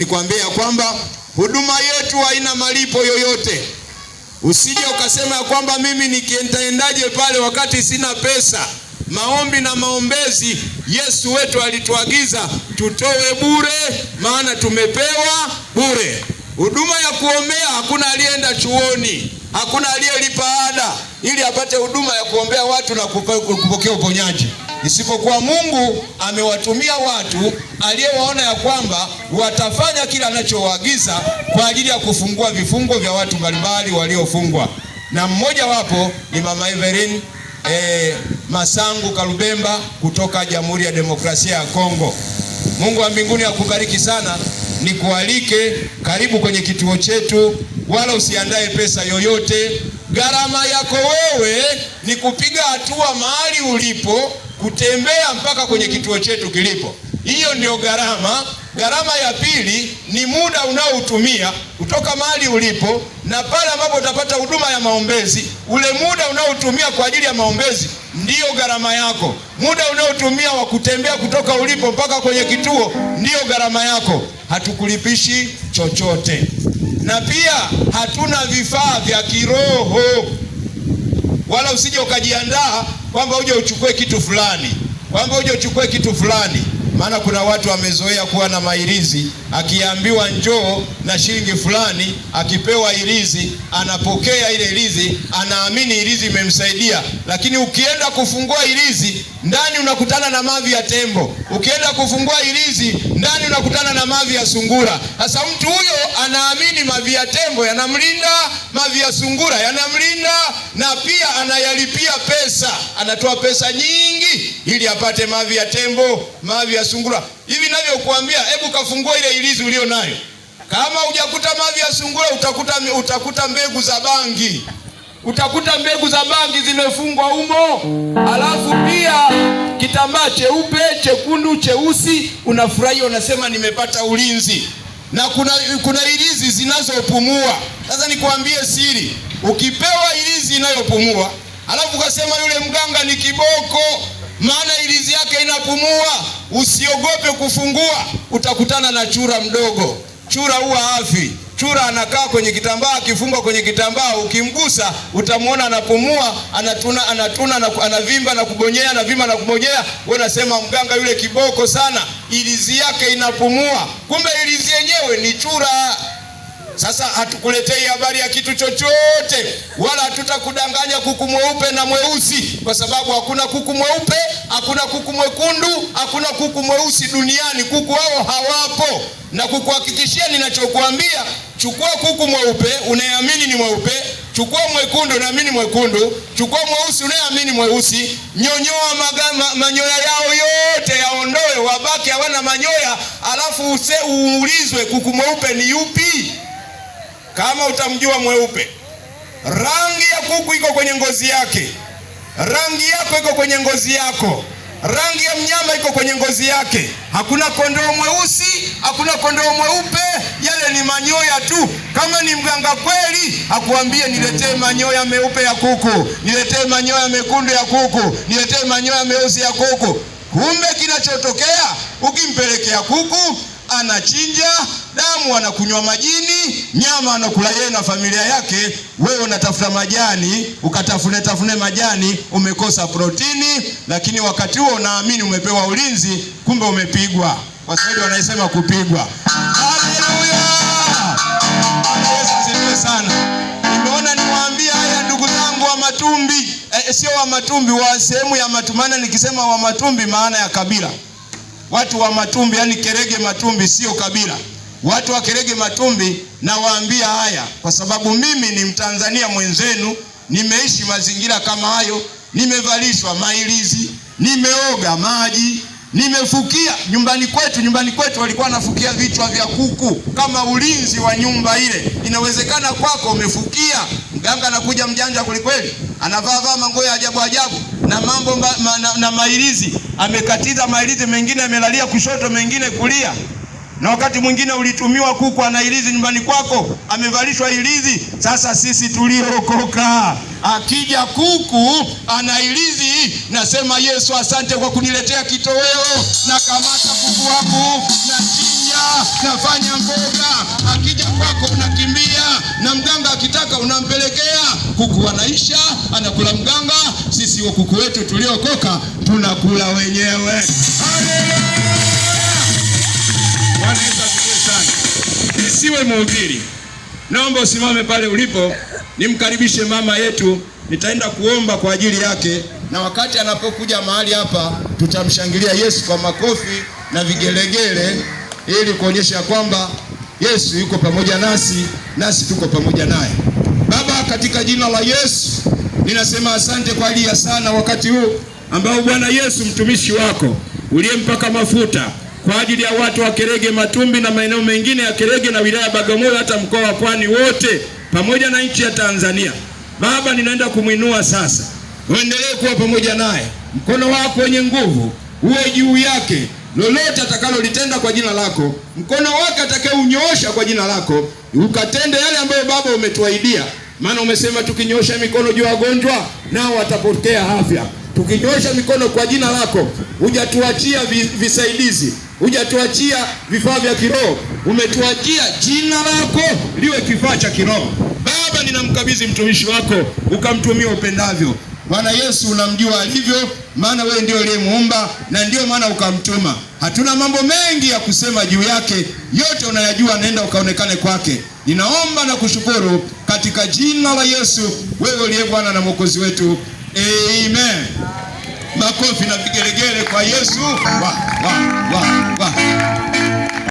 Nikwambia kwamba huduma yetu haina malipo yoyote. Usije ukasema ya kwamba mimi nikiendaendaje pale wakati sina pesa. Maombi na maombezi, Yesu wetu alituagiza tutoe bure, maana tumepewa bure. Huduma ya kuombea, hakuna aliyeenda chuoni, hakuna aliyelipa ada ili apate huduma ya kuombea watu na kupokea uponyaji isipokuwa Mungu amewatumia watu aliyewaona ya kwamba watafanya kila anachowaagiza kwa ajili ya kufungua vifungo vya watu mbalimbali waliofungwa, na mmoja wapo ni Mama everin eh, Masangu Kalubemba kutoka Jamhuri ya Demokrasia ya Kongo. Mungu wa mbinguni akubariki sana. Nikualike, karibu kwenye kituo chetu, wala usiandae pesa yoyote. Gharama yako wewe ni kupiga hatua mahali ulipo kutembea mpaka kwenye kituo chetu kilipo. Hiyo ndio gharama. Gharama ya pili ni muda unaoutumia kutoka mahali ulipo na pale ambapo utapata huduma ya maombezi, ule muda unaotumia kwa ajili ya maombezi ndiyo gharama yako. Muda unaotumia wa kutembea kutoka ulipo mpaka kwenye kituo ndiyo gharama yako. Hatukulipishi chochote, na pia hatuna vifaa vya kiroho, wala usije ukajiandaa kwamba uje uchukue kitu fulani, kwamba uje uchukue kitu fulani. Maana kuna watu wamezoea kuwa na mairizi, akiambiwa njoo na shilingi fulani, akipewa irizi anapokea ile irizi, anaamini irizi imemsaidia. Lakini ukienda kufungua irizi ndani unakutana na mavi ya tembo, ukienda kufungua irizi ndani unakutana na mavi ya sungura. Sasa mtu huyo anaamini mavi ya tembo yanamlinda, mavi ya sungura yanamlinda, na pia anayalipia pesa, anatoa pesa nyingi ili apate mavi ya tembo, mavi ya sungura. Hivi ninavyokuambia, hebu kafungua ile ilizi ulio nayo. Kama hujakuta mavi ya sungura, utakuta utakuta mbegu za bangi, utakuta mbegu za bangi zimefungwa humo, alafu pia kitambaa cheupe, chekundu, cheusi. Unafurahia, unasema nimepata ulinzi na kuna, kuna ilizi zinazopumua. Sasa nikuambie siri, ukipewa ilizi inayopumua alafu kasema yule mganga ni kiboko, maana ilizi yake inapumua. Usiogope kufungua, utakutana na chura mdogo. Chura huwa afi. Chura anakaa kwenye kitambaa, akifungwa kwenye kitambaa, ukimgusa utamwona anapumua, anatuna, anatuna, anavimba na kubonyea, anavimba na kubonyea. Wewe unasema mganga yule kiboko sana, ilizi yake inapumua, kumbe ilizi yenyewe ni chura. Sasa hatukuletei habari ya kitu chochote, wala hatutakudanganya kuku mweupe na mweusi, kwa sababu hakuna kuku mweupe, hakuna kuku mwekundu, hakuna kuku mweusi duniani. Kuku hao hawapo, na kukuhakikishia ninachokuambia, chukua kuku mweupe unayeamini ni mweupe, chukua mwekundu unaamini mwekundu, chukua mweusi unayeamini mweusi, nyonyoa magama, manyoya yao yote yaondoe, wabaki hawana manyoya, alafu use uulizwe kuku mweupe ni yupi? Kama utamjua mweupe, rangi ya kuku iko kwenye ngozi yake, rangi yako iko kwenye ngozi yako, rangi ya mnyama iko kwenye ngozi yake. Hakuna kondoo mweusi, hakuna kondoo mweupe, yale ni manyoya tu. Kama ni mganga kweli, akuambie niletee manyoya meupe ya kuku, niletee manyoya mekundu ya kuku, niletee manyoya meusi ya kuku. Kumbe kinachotokea ukimpelekea kuku anachinja, damu anakunywa majini, nyama anakula yeye na familia yake. Wewe unatafuta majani, ukatafune tafune majani, umekosa protini, lakini wakati huo unaamini umepewa ulinzi, kumbe umepigwa. Waswahili wanasema kupigwa. Haleluya, Yesu asifiwe sana. Nimeona niwaambia haya ndugu zangu wa Matumbi, e, sio wa Matumbi, wa sehemu ya Matumana. Nikisema wa Matumbi maana ya kabila watu wa Matumbi, yani Kerege Matumbi, sio kabila. Watu wa Kerege Matumbi nawaambia haya kwa sababu mimi ni Mtanzania mwenzenu, nimeishi mazingira kama hayo, nimevalishwa mailizi, nimeoga maji, nimefukia nyumbani kwetu. Nyumbani kwetu walikuwa wanafukia vichwa vya kuku kama ulinzi wa nyumba ile. Inawezekana kwako umefukia, mganga anakuja mjanja kwelikweli, anavaa vaa manguo ya ajabu ajabu na mambo mba, ma, na, na mailizi amekatiza mailizi mengine amelalia kushoto, mengine kulia, na wakati mwingine ulitumiwa kuku anailizi ilizi nyumbani kwako, amevalishwa ilizi. Sasa sisi tuliokoka, akija kuku ana ilizi, nasema Yesu, asante kwa kuniletea kitoweo, na kamata kuku wangu na chinja, nafanya mboga. Akija kwako unakimbia, na mganga akitaka unampelekea kuku, anaisha anakula mganga sisi kuku wetu tuliokoka tunakula wenyewe. isiwe mhubiri, naomba usimame pale ulipo, nimkaribishe mama yetu. Nitaenda kuomba kwa ajili yake, na wakati anapokuja mahali hapa tutamshangilia Yesu kwa makofi na vigelegele, ili kuonyesha kwamba Yesu yuko pamoja nasi, nasi tuko pamoja naye. Baba, katika jina la Yesu Ninasema asante kwa ajili ya sana wakati huu ambao Bwana Yesu mtumishi wako uliyempaka mafuta kwa ajili ya watu wa Kerege Matumbi na maeneo mengine ya Kerege na wilaya ya Bagamoyo hata mkoa wa Pwani wote pamoja na nchi ya Tanzania. Baba, ninaenda kumwinua sasa, uendelee kuwa pamoja naye, mkono wako wenye nguvu uwe juu yake lolote atakalolitenda kwa jina lako, mkono wake atakayeunyoosha kwa jina lako, ukatende yale ambayo Baba umetuahidia maana umesema tukinyosha mikono juu ya wagonjwa nao watapokea afya. Tukinyosha mikono kwa jina lako, hujatuachia visaidizi, hujatuachia vifaa vya kiroho, umetuachia jina lako liwe kifaa cha kiroho. Baba, ninamkabidhi mtumishi wako, ukamtumia upendavyo. Bwana Yesu, unamjua alivyo, maana wewe ndio uliyemuumba na ndio maana ukamtuma. Hatuna mambo mengi ya kusema juu yake, yote unayajua, naenda ukaonekane kwake. Ninaomba na kushukuru katika jina la Yesu, wewe uliye Bwana na mwokozi wetu, amen. Makofi na vigelegele kwa Yesu. Wa, wa, wa.